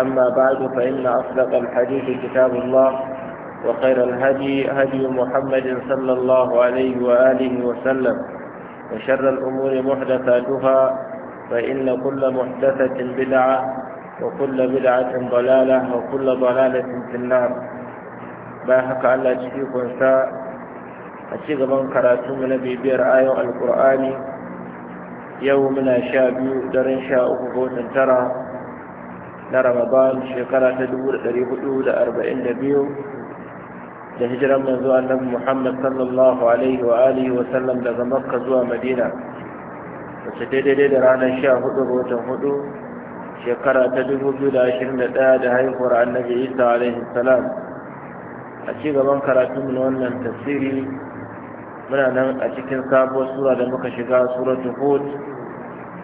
أما بعد فإن أصدق الحديث كتاب الله وخير الهدي هدي محمد صلى الله عليه وآله وسلم وشر الأمور محدثاتها فإن كل محدثة بدعة وكل بدعة ضلالة وكل ضلالة في النار باهك على تشيك ونساء أشيك من كراتو نبي بير آية القرآن يومنا يقدر درن شاء ترى na ramadan shekara ta 442 da hijiran manzo annabi Muhammad sallallahu alaihi wa alihi wa sallam daga Makka zuwa Madina wacce daidai da ranar 14 ga watan 4 shekara ta 2021 da haihuwar annabi Isa alaihi salam a ci gaban karatun na wannan tafsiri muna nan a cikin sabuwar sura da muka shiga suratul Hud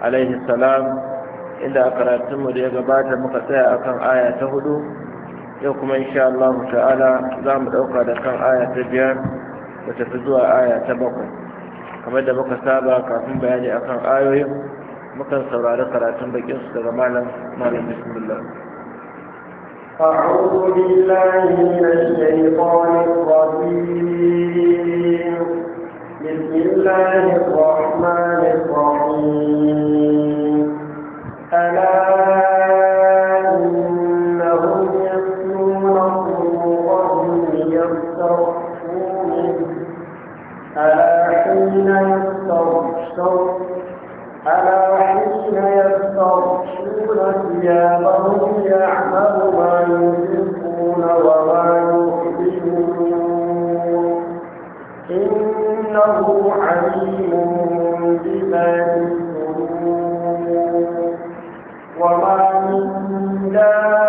alaihi salam inda a karatunmu da ya gabata muka tsaya akan aya ta hudu yau kuma insha Allah ta'ala za mu ɗauka da kan aya ta biyar da tafi zuwa aya ta bakwai kamar da muka saba kafin bayani akan ayoyin mukan saurari karatun bakin su daga malam malam bismillah أعوذ بالله من الشيطان الرجيم بسم الله الرحمن الرحيم ألا حين يستغشون ألا حين يستغشون ثيابهم يعمل ما يشركون وما يخرجون إنه عليم بما الصدور وما من دار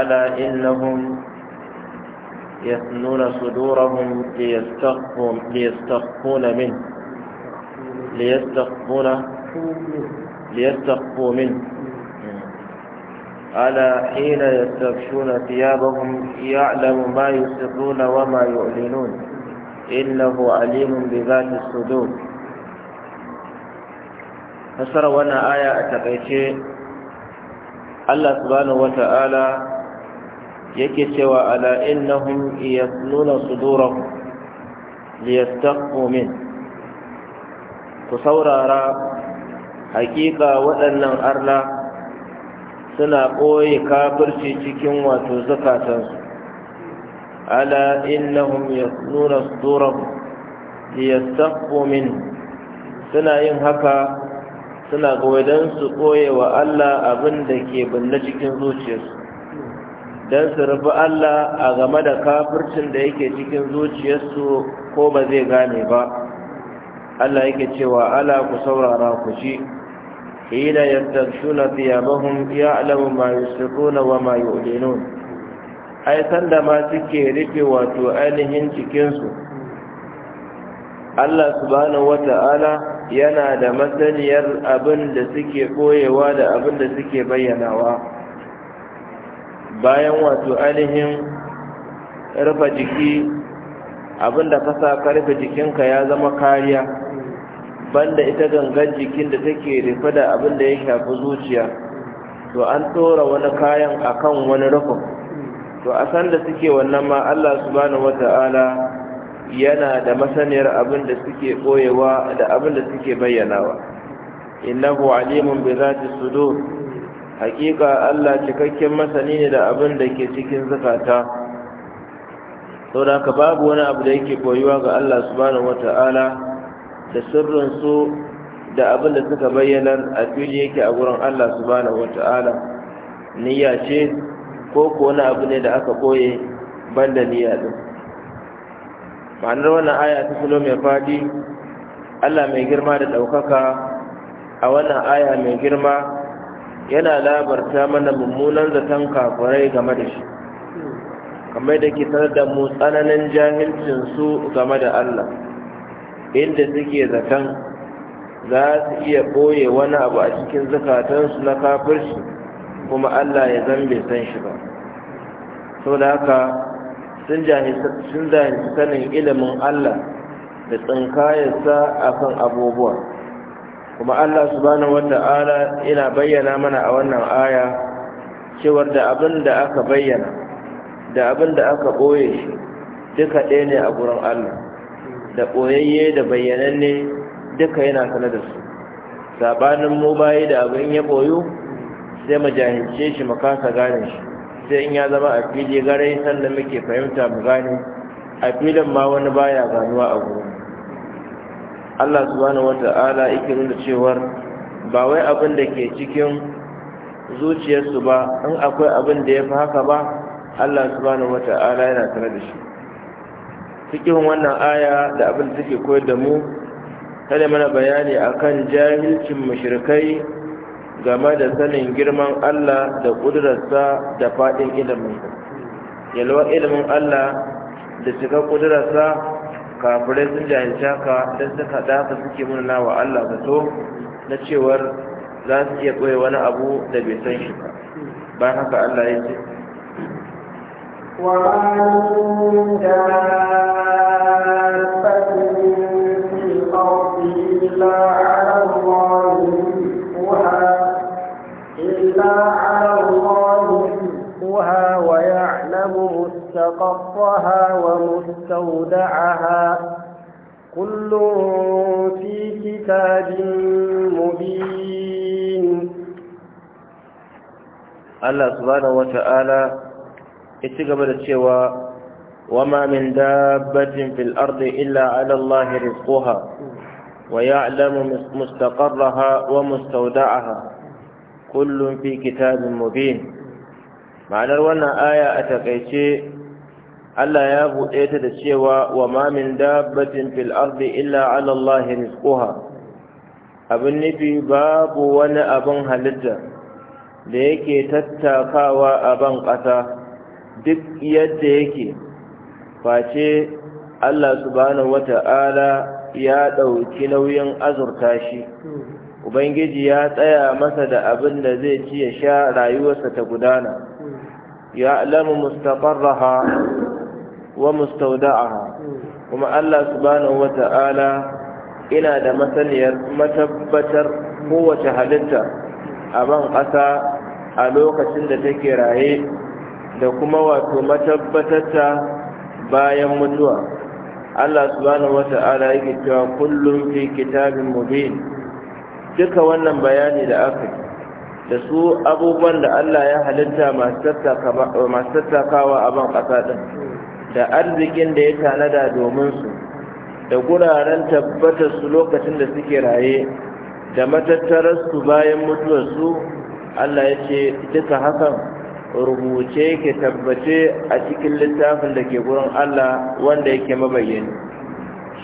ألا إنهم يثنون صدورهم ليستخفون منه ليستخفون ليستخفوا منه ألا حين يستغشون ثيابهم يعلم ما يسرون وما يعلنون إنه عليم بذات الصدور فسروا وانا آية أتقيتي الله سبحانه وتعالى yake cewa ala innahum yasnuna sudurahum liyastaqu min ku saurara hakika waɗannan arna suna ɓoye kafirci cikin wato zukatansu ala innahum yasnuna sudurahum liyastaqu min suna yin haka suna ga su ɓoye wa Allah abin da ke binne cikin zuciyarsu don su rufi Allah a game da kafircin da yake cikin zuciyarsu ko ba zai gane ba Allah yake cewa ala ku saurara ku ci hina yastaghshuna ya alamu ma yusrifuna wa ma yudinun ai sanda ma suke rufe wato ainihin cikinsu Allah subhanahu wata'ala yana da masaniyar abin da suke koyewa da abin da suke bayyanawa bayan wato ainihin rufe jiki abinda ka sa karfe jikinka ya zama kariya banda ita gangan jikin da take rufe da abinda ya shafi zuciya to an tora wani kayan akan wani rufin to a sanda suke wannan ma Allah subhanahu wata'ala yana da masaniyar abinda suke boyewa da abinda suke bayyanawa innahu alimun bi zati sudur hakika Allah cikakken masani ne da abin da ke cikin zakata sau da babu wani abu da yake koyuwa ga Allah subhanahu wata'ala da sirrinsu da abin da suka bayyana a fili yake a wurin Allah subhanahu wata'ala niyya ce ko ko wani abu ne da aka koye banda niyya din ma'anar wannan aya ta salo mai fadi Allah mai girma da ɗaukaka a wannan aya mai girma yana labarta mana mummunan zaton kafirai game da shi kamar da ke da mu tsananin jahilcinsu game da Allah inda suke zaton za su iya ɓoye wani abu a cikin zukatansu na kafirci kuma Allah ya zambe san shi ba sau da haka sun jahilci sanin ilimin Allah da tsinkayarsa kan abubuwa kuma Allah subhanahu wata'ala yana bayyana mana a wannan aya cewar da abin da aka bayyana da abin da aka ɓoye duka ɗaya ne a gurin Allah da ɓoyayye da bayyananne duka yana sanar da su saɓanin mu bayi da abin ya ɓoyo sai mu jahilce shi mu kasa gane shi sai in ya zama a fili gare sannan muke fahimta mu gane a filin ma wani baya ganuwa a gurin Allah subhanahu wata'ala yake nuna cewar ba wai abin da ke cikin zuciyarsu ba in akwai abin da ya fi haka ba Allah subhanahu wata'ala yana tare da shi cikin wannan aya da abin da take koyar da mu tare mana bayani akan jahilcin mushrikai game da sanin girman Allah da ƙudurarsa da faɗin ilimin yalwa ilimin Allah da cika ƙudurarsa kafirai sun jahilta ka don suka dafa suke murna wa Allah ka zato na cewar za su iya ɓoye wani abu da bai san shi ba ba haka Allah ya ce وَمَنْ وَيَعْلَمُ مستقرها ومستودعها كل في كتاب مبين الله سبحانه وتعالى اتقبل cewa وما من دابة في الأرض إلا على الله رزقها ويعلم مستقرها ومستودعها كل في كتاب مبين ma'anar wannan aya a takaice Allah ya buɗe ta da cewa wa ma min dabbatin fil ardi illa ala Allah rizquha abin nufi babu wani abin halitta da yake tattakawa a ban ƙasa duk yadda yake face Allah subhanahu wata'ala ya ɗauki nauyin azurta shi Ubangiji ya tsaya masa da abin da zai ci ya sha rayuwarsa ta gudana ya alamu mustaqarraha wa mustawda'aha kuma Allah subhanahu wata'ala ina da masaniyar matabbatar kowace halitta a ban ƙasa a lokacin da take raye da kuma wato matabbatarta bayan mutuwa Allah subhanahu wata'ala yake cewa kullum fi kitabin mubin duka wannan bayani da aka da su abubuwan da Allah ya halitta masu tattakawa a ban ƙasa ɗin da arzikin da ya tanada domin su da guraren tabbatar su lokacin da suke raye da matattarar su bayan mutuwar su Allah ya ce duka hakan rubuce ke tabbace a cikin littafin da ke gurin Allah wanda yake mabayyani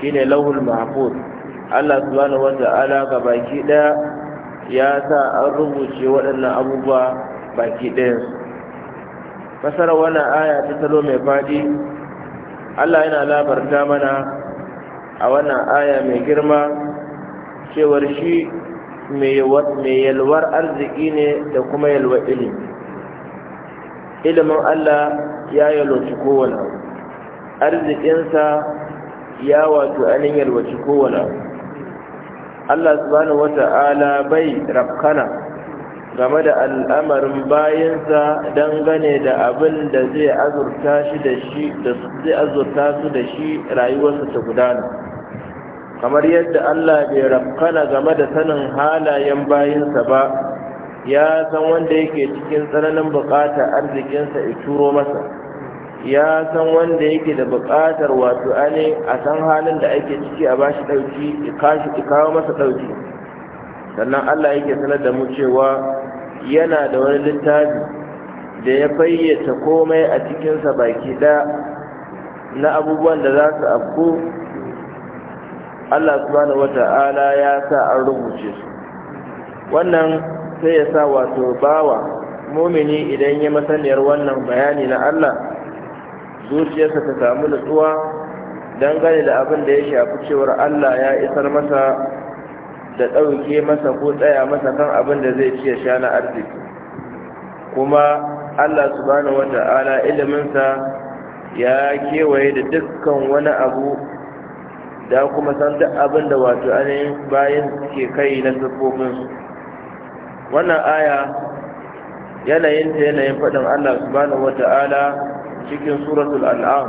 shine lahul mahfuz Allah subhanahu wata'ala ga baki ɗaya, ya sa an rubuce waɗannan abubuwa baki ɗayansu fasara wannan aya ta salo mai faɗi Allah yana labarta mana a wannan aya mai girma cewar shi mai yalwar arziki ne da kuma yalwa ilimi ilimin Allah ya yalwaci kowane arzikinsa ya wato anin yalwaci kowane Allah subhanahu wata'ala bai rafkana game da al'amarin bayansa dangane da abin da zai azurta shi da shi da zai azurta su da shi rayuwarsa ta gudana kamar yadda Allah bai rafkana game da sanin halayen bayansa ba ya san wanda yake cikin tsananin buƙatar arzikinsa ya turo masa ya san wanda yake da bukatar wato ane a san halin da ake ciki a bashi ɗauki ya kawo masa ɗauki sannan Allah yake sanar da mu cewa yana da wani littafi da ya fayyace komai a cikinsa baki ɗaya na abubuwan da za su afko Allah subhanahu wata'ala ya sa an rubuce su wannan sai ya sa wato bawa mumini idan ya masaniyar wannan bayani na Allah zuciyarsa ta samu nutsuwa dangane da abin da ya shafi cewar Allah ya isar masa da ɗauke masa ko tsaya masa kan abin da zai ciye sha na arziki kuma allah subhanahu wa ta'ala iliminsa ya kewaye da dukkan wani abu da kuma san duk abin da wato ainihin bayan ke kai na siffofinsu wannan aya yanayinta yanayin faɗin allah subhanahu wa cikin suratul al'am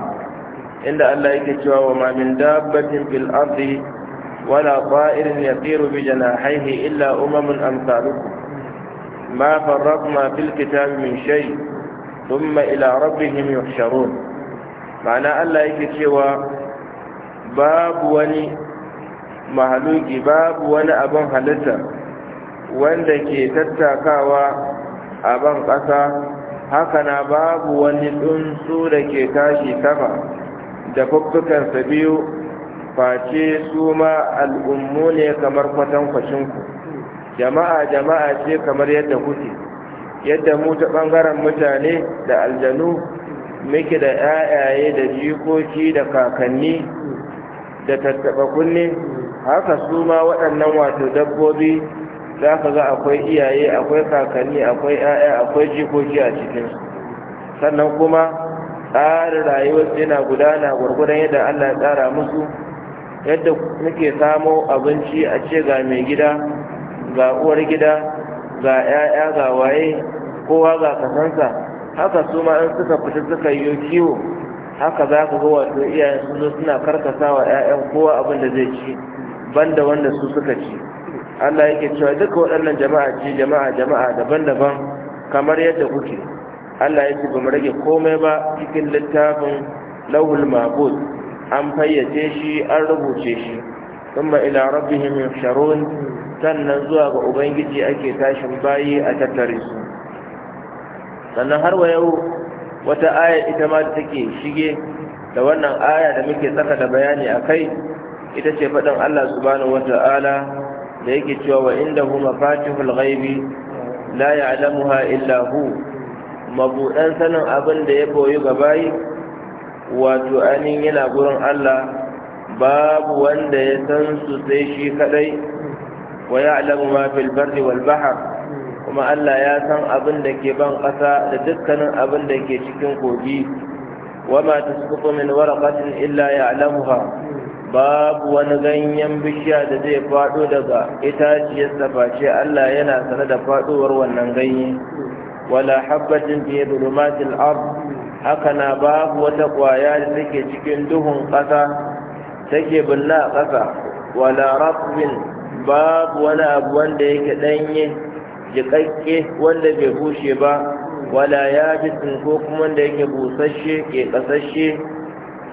inda allah yake cewa wa ma min dabbatin fil ardi ولا طائر يطير بجناحيه إلا أمم أمثالكم ما فرطنا في الكتاب من شيء ثم إلى ربهم يحشرون معنى ألا يكتوى باب وني مهلوكي باب وني أبن هلسة وندكي تتاكاوى أبن قصى هكنا باب وني الأنسو لكي تاشي سما دفقتك سبيو face su ma al'ummu ne kamar kwatankwacinku jama'a jama'a ce kamar yadda kuke yadda mu ta ɓangaren mutane da aljanu muke da 'ya'yaye da jikoki da kakanni da tattaɓa kunne haka su ma waɗannan wato dabbobi za ka ga akwai iyaye akwai kakanni akwai 'ya'ya akwai jikoki a cikinsu sannan kuma tsarin rayuwar yana gudana gwargwadon yadda allah ya tsara musu yadda muke samo abinci a ce ga mai gida ga uwar gida ga 'ya'ya ga waye kowa ga kasansa haka su ma in suka fita suka yi kiwo haka za ka ga wato iyayen su zo suna karkasa wa 'ya'yan kowa abin da zai ci banda wanda su suka ci Allah yake cewa duka waɗannan jama'a ce jama'a jama'a daban-daban kamar yadda kuke Allah ya ce ba mu rage komai ba cikin littafin lauhul mabud an fayyace shi an rubuce shi kuma ila rabbihim yusharun sannan zuwa ga ubangiji ake tashin bayi a tattare su sannan har wa yau wata aya ita ma da take shige da wannan aya da muke tsaka da bayani a kai ita ce faɗin Allah subhanahu wata'ala da yake cewa wa indahu mafatihul ghaibi la ya'lamuha illa hu mabudan sanin abin da ya koyi bayi wato ainihin yana gurin Allah babu wanda ya san su sai shi kadai wa ya'lamu ma fil barri wal kuma Allah ya san abin da ke ban ƙasa da dukkanin abin da ke cikin kogi wa ma tasqutu min waraqatin illa ya'lamuha babu wani ganyen bishiya da zai faɗo daga itaciyar face Allah yana sane da faɗowar wannan ganye wala habbatin fi dhulumatil ard haka na babu wata ƙwaya da take cikin duhun ƙasa take bulla a ƙasa wala rabbin babu wani abu wanda yake ɗanye jiƙaƙƙe wanda bai bushe ba wala ya ji ko kuma wanda yake busasshe ke ƙasashe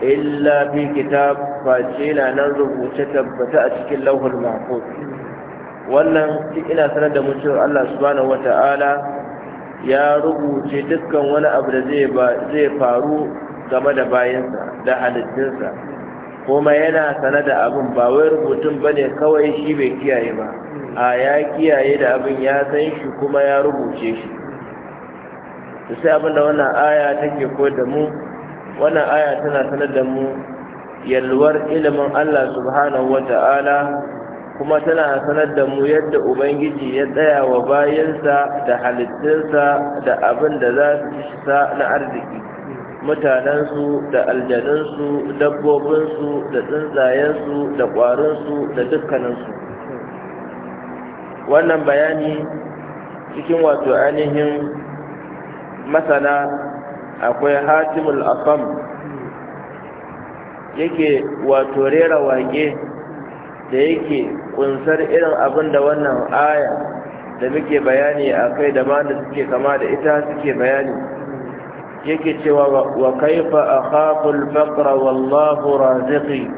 illa fi kitab face na nan rubuce tabbata a cikin lauhul mahfuz wannan ina sanar da mu cewa Allah subhanahu wata'ala ya rubuce dukkan wani abu da zai faru game da bayansa da halittinsa kuma yana sana da abin ba wai rubutun ba ne kawai shi bai kiyaye ba a ya kiyaye da abin ya san shi kuma ya rubuce shi da sai abin da wannan aya take ko da mu wannan aya tana sanar da mu yalwar ilimin allah subhanahu wa ta'ala. kuma tana sanar da mu yadda ubangiji ya tsaya wa bayansa da halittinsa da abin da za su ci sa na arziki mutanensu da aljanunsu dabbobinsu da tsuntsayensu da ƙwarinsu da dukkaninsu wannan bayani cikin wato ainihin masana akwai hatimul asam yake wato rera wage da yake kunsar irin abin da wannan aya da muke bayani a kai da mana suke kama da ita suke bayani yake cewa wa kaifa a al-faqra wallahu raziqi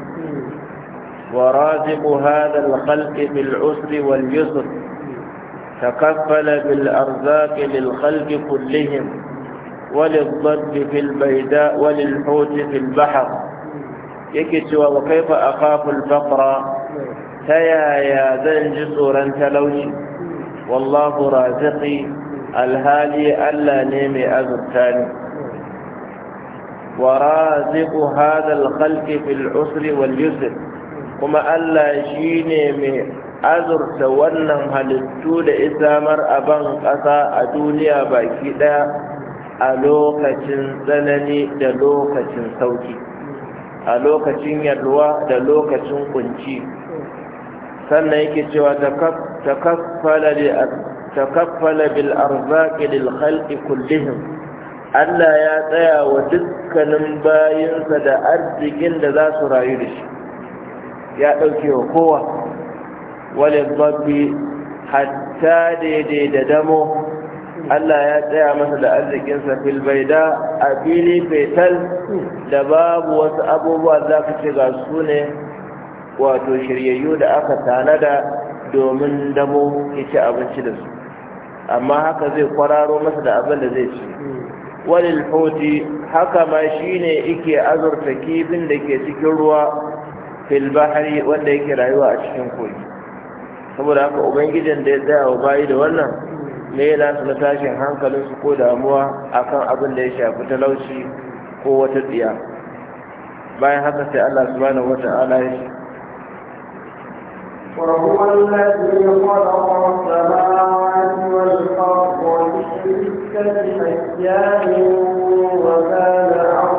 wa raziqu hadha al-khalqi bil usri wal yusr takaffala bil arzaqi lil khalqi kullihim وللضب في البيداء وللحوت في البحر يكي سوى وكيف أخاف ta yaya zan ji tsoron talauci wallahu raziqi alhali Allah ne mai azurta ni wa raziqu hadha alkhalqi fil usri wal yusr kuma Allah shi ne mai azurta wannan halittu da isamar aban ƙasa a duniya baki ɗaya a lokacin tsanani da lokacin sauki a lokacin yalwa da lokacin kunci sannan yake cewa takaffala bil arzaqi lil khalqi kullihim Allah ya tsaya wa dukkanin bayinsa da arzikin da za su rayu da shi ya ɗauke wa kowa wale babbi hatta daidai da damo Allah ya tsaya masa da arzikinsa filbaida a fili fetal da babu wasu abubuwa za ka ce ga su ne wato shiryayyu da aka tanada domin damo ya abinci da su amma haka zai kwararo masa da abin da zai ci walil hoti haka ma shine yake azurta kifin da ke cikin ruwa fil bahari wanda yake rayuwa a cikin kogi saboda haka ubangijin da ya tsaya wa bayi da wannan me yana su na tashin hankalinsu ko damuwa akan abin da ya shafi talauci ko wata tsiya bayan haka sai Allah subhanahu wata'ala ya وهو الذي خلق السماوات والأرض في ستة أيام وكان عرشه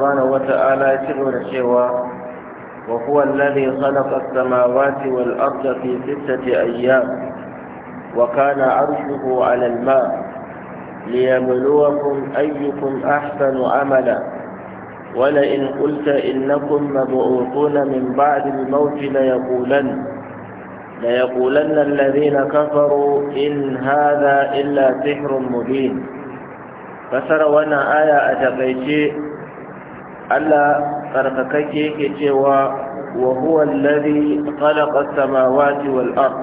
سبحانه وتعالى يتبعون شيئا وهو الذي خلق السماوات والأرض في ستة أيام وكان عرشه على الماء ليبلوكم أيكم أحسن عملا ولئن قلت إنكم مبعوثون من بعد الموت ليقولن ليقولن الذين كفروا إن هذا إلا سحر مبين فسروا أن آية أتقيتي Allah tsarkakake yake cewa wa huwa allazi khalaqa samawati wal ard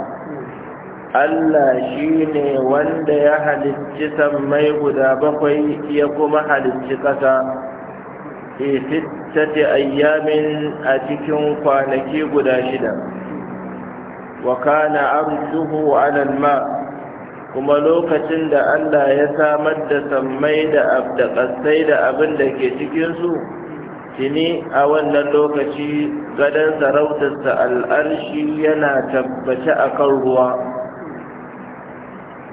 Allah shine wanda ya halicci sammai guda bakwai ya kuma halicci kasa fi sittati ayyamin a cikin kwanaki guda shida wa kana arshuhu 'ala ma kuma lokacin da Allah ya samar da sammai da abdaqasai da abin da ke cikin su tuni a wannan lokaci gadon sarautarsa al'arshi yana tabbace a kan ruwa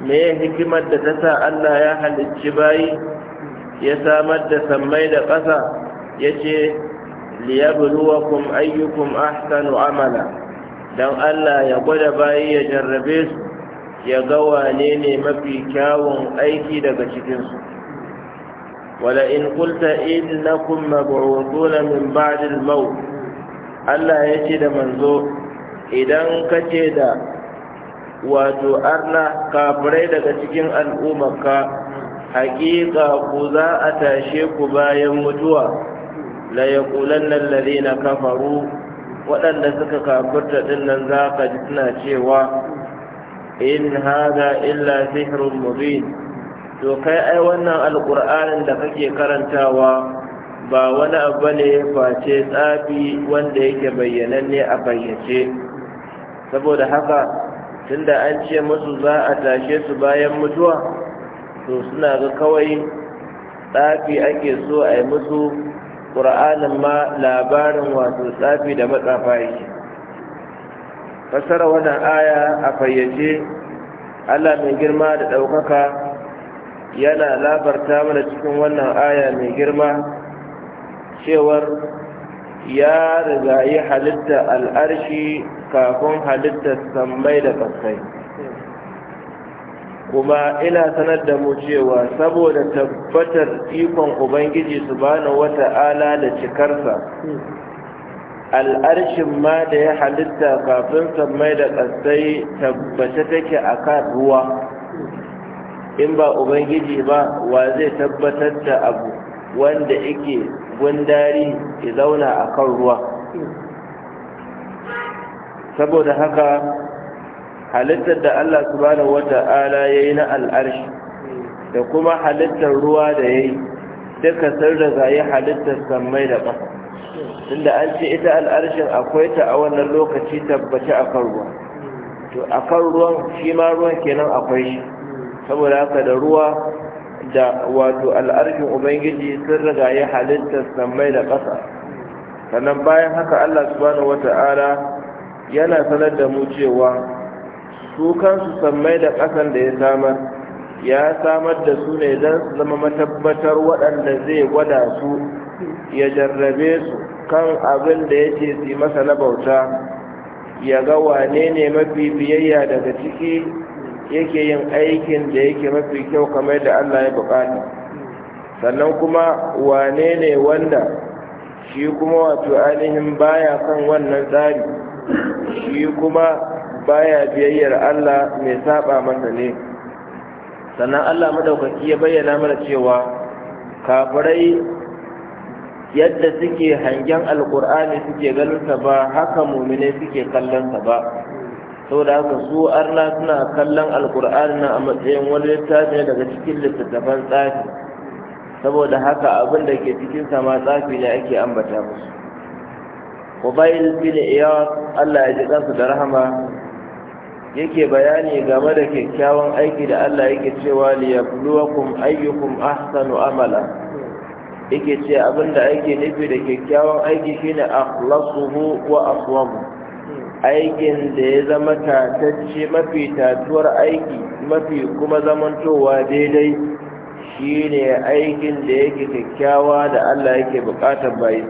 me hikimar da ta sa Allah ya halicci bayi ya samar da sammai da ƙasa ya ce liyabluwakum ayyukum ahsanu amala don Allah ya gwada bayi ya jarrabe su ya ga wane ne mafi kyawun aiki daga cikinsu ولئن قلت إنكم مبعوثون من بعد الموت Allah ya ce da manzo idan ka da wato arna kafirai daga cikin al'ummarka haƙiƙa ku za a tashe ku bayan mutuwa la ya ƙulan na kafaru waɗanda suka kafirta ɗin nan za ka ji suna cewa in haza illa sihrun mubin to kai ai wannan alƙur'anin da kake karantawa ba wani abu ne face tsafi wanda yake bayyananne a bayyace saboda haka tunda an ce musu za a tashe su bayan mutuwa to suna ga kawai tsafi ake so a yi musu ƙur'anin ma labarin wato tsafi da matsafa yake fasara wannan aya a fayyace allah mai girma da ɗaukaka yana labarta mana cikin wannan aya mai girma cewar ya riga yi halitta al'arshi kafin halitta sammai da kasai kuma ina sanar da mu cewa saboda tabbatar ikon ubangiji su wata ala da cikarsa al'arshin ma da ya halitta kafin sammai da ƙasai tabbata take a kan ruwa in ba ubangiji ba wa zai tabbatar da abu wanda yake gundari ya zauna a kan ruwa saboda haka halittar da Allah subhanahu wata'ala ya yi na al'arshi da kuma halittar ruwa da ya yi duka sun daga ya halittar sammai da ƙasa tunda an ce ita al'arshin akwai ta a wannan lokaci tabbaci a kan ruwa to a kan ruwan shi ma ruwan kenan akwai shi saboda haka da ruwa da wato al'arfin ubangiji sun riga ya halittar sammai da ƙasa sannan bayan haka allah subhanahu wata'ala yana sanar da mu cewa su kansu sammai da ƙasan da ya samar ya samar da su ne don su zama matabbatar waɗanda zai gwada su ya jarrabe su kan abin da ya ce su masa na bauta ya ga wane ne mafi biyayya daga ciki yake yin aikin da yake mafi kyau kamar da Allah ya bukata sannan kuma wane ne wanda shi kuma wato ainihin baya kan wannan tsari shi kuma baya biyayyar Allah mai saba masa ne sannan Allah madaukaki ya bayyana mana cewa kafirai yadda suke hangen alkur'ani suke ganinsa ba haka mumine suke kallonsa ba saboda haka su arna suna kallon alkur'ani na a matsayin wani littafi daga cikin littattafan tsafi saboda haka abin da ke cikin sama tsafi ne ake ambata musu Ubayl bin Iyas Allah ya ji ɗansu da rahama yake bayani game da kyakkyawan aiki da Allah yake cewa liyabluwakum ayyukum ahsanu amala yake ce abin da ake nufi da kyakkyawan aiki shine akhlasuhu wa aswamu aikin da ya zama tatacce mafi tatuwar aiki mafi kuma zamantowa daidai shi ne aikin da yake kyakkyawa da Allah yake bukatar bayi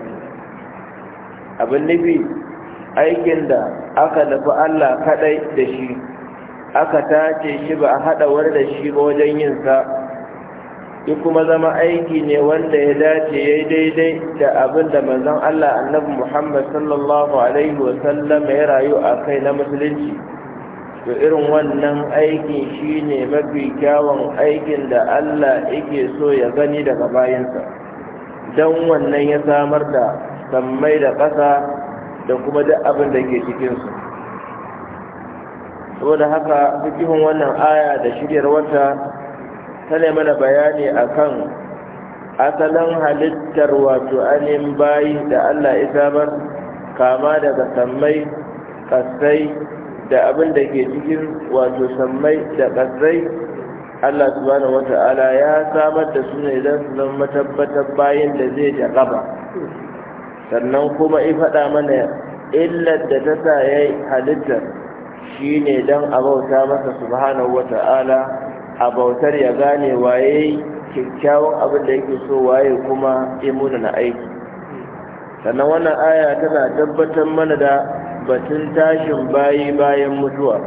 abin nufi aikin da aka nufi Allah kadai da shi aka tace shi ba a haɗa wani da shi ba wajen yinsa ya kuma zama aiki ne wanda ya dace ya yi daidai da abin da manzon Allah annabi Muhammad sallallahu Alaihi wasallam ya rayu a kai na musulunci to irin wannan aikin shi ne mafi kyawun aikin da Allah yake so ya gani daga bayansa don wannan ya samar da sammai da ƙasa da kuma duk abin da ke cikinsu saboda haka fikihun wannan aya da shiryar wata tana mana bayani akan asalin halittar wato anin bayi da Allah ya samar kama daga sammai kasai da abin da ke cikin wato sammai da kasai Allah subhanahu wata'ala ya samar da su ne idan su zama matabbatar bayin da zai gaba sannan kuma i faɗa mana illar da ta sa ya halittar shi ne don a bauta masa subhanahu wata'ala a bautar ya gane waye kyakkyawan abin da yake so waye kuma ya na aiki sannan wannan aya tana tabbatar mana da batun tashin bayi bayan mutuwa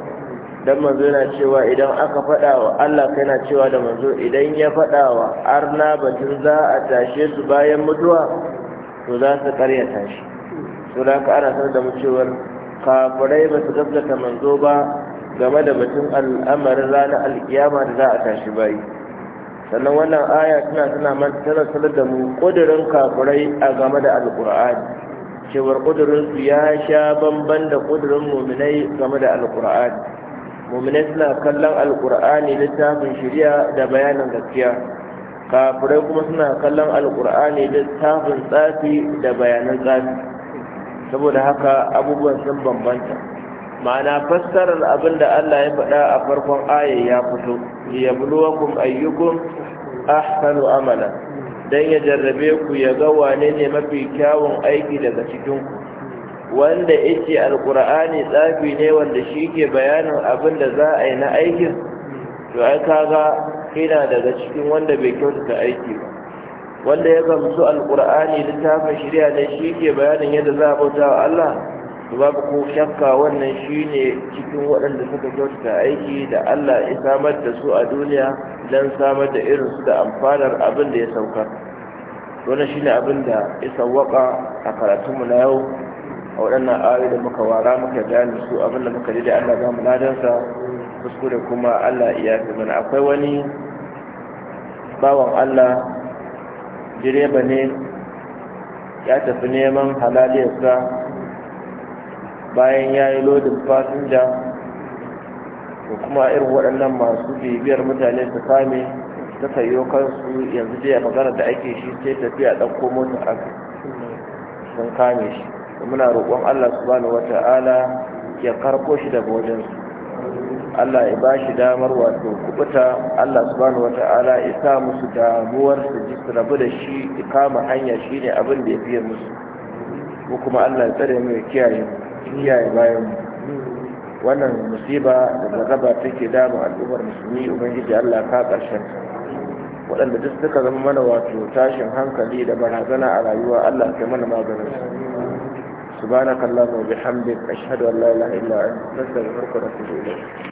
don manzo yana cewa idan aka faɗa wa Allah kai na cewa da manzo idan ya faɗa wa arna batun za a tashe su bayan mutuwa to za su karya tashi to da ka ana sanar da mu cewar kafirai ba su gaskata manzo ba game da batun al'amarin ranar alkiyama da za a tashi bayi sannan wannan aya tana tana matsala sanar da mu ƙudurin kafurai a game da alƙur'ani cewar su ya sha bamban da ƙudurin muminai game da alƙur'ani muminai suna kallon alƙur'ani littafin shirya da bayanin gaskiya Kafurai kuma suna kallon alƙur'ani littafin tsafi da bayanan tsafi saboda haka abubuwan sun bambanta ma'ana fassarar abin da Allah ya faɗa a farkon aya ya fito ya buluwakum ayyukum ahsanu amala dan ya jarrabe ku ya ga wane ne mafi kyawun aiki daga cikin ku wanda yake alqur'ani tsafi ne wanda shike bayanin abin da za a yi na aikin to ai kaga kina daga cikin wanda bai kyautata aiki ba wanda ya gamsu alqur'ani littafin shari'a ne shike bayanin yadda za a bauta wa Allah babu ko shakka wannan shine cikin waɗanda suka kyautata aiki da Allah ya samar da su a duniya don samar da irin su da amfanar abin da ya sauka wannan shine abin da ya sauka a karatunmu na yau a waɗannan ayoyi da muka wara muka gane su abin da muka da Allah za mu ladansa kuskure kuma Allah ya fi mana akwai wani bawan Allah direba ne ya tafi neman halaliyarsa bayan ya yi lodin fasinja ko kuma irin waɗannan masu bibiyar mutane su kame ta sayo kansu yanzu dai a magana da ake shi sai tafiya ɗan mota aka sun kame shi muna roƙon allah subhanahu wata'ala ya karko shi daga wajensu Allah ya ba shi damar wato kubuta Allah bani wata'ala ya sa musu damuwar su ji su rabu da shi kama hanya shi ne abin da ya fiye musu ko kuma Allah ya tsare mu ya kiyaye mu kiyaye bayan wannan musiba da jarraba take damu al'ummar musulmi ubangiji Allah ka karshen waɗanda duk suka zama mana wato tashin hankali da barazana a rayuwa Allah kai mana maganin subhanakallahumma wa bihamdika ashhadu an la ilaha illa anta astaghfiruka wa atubu ilayk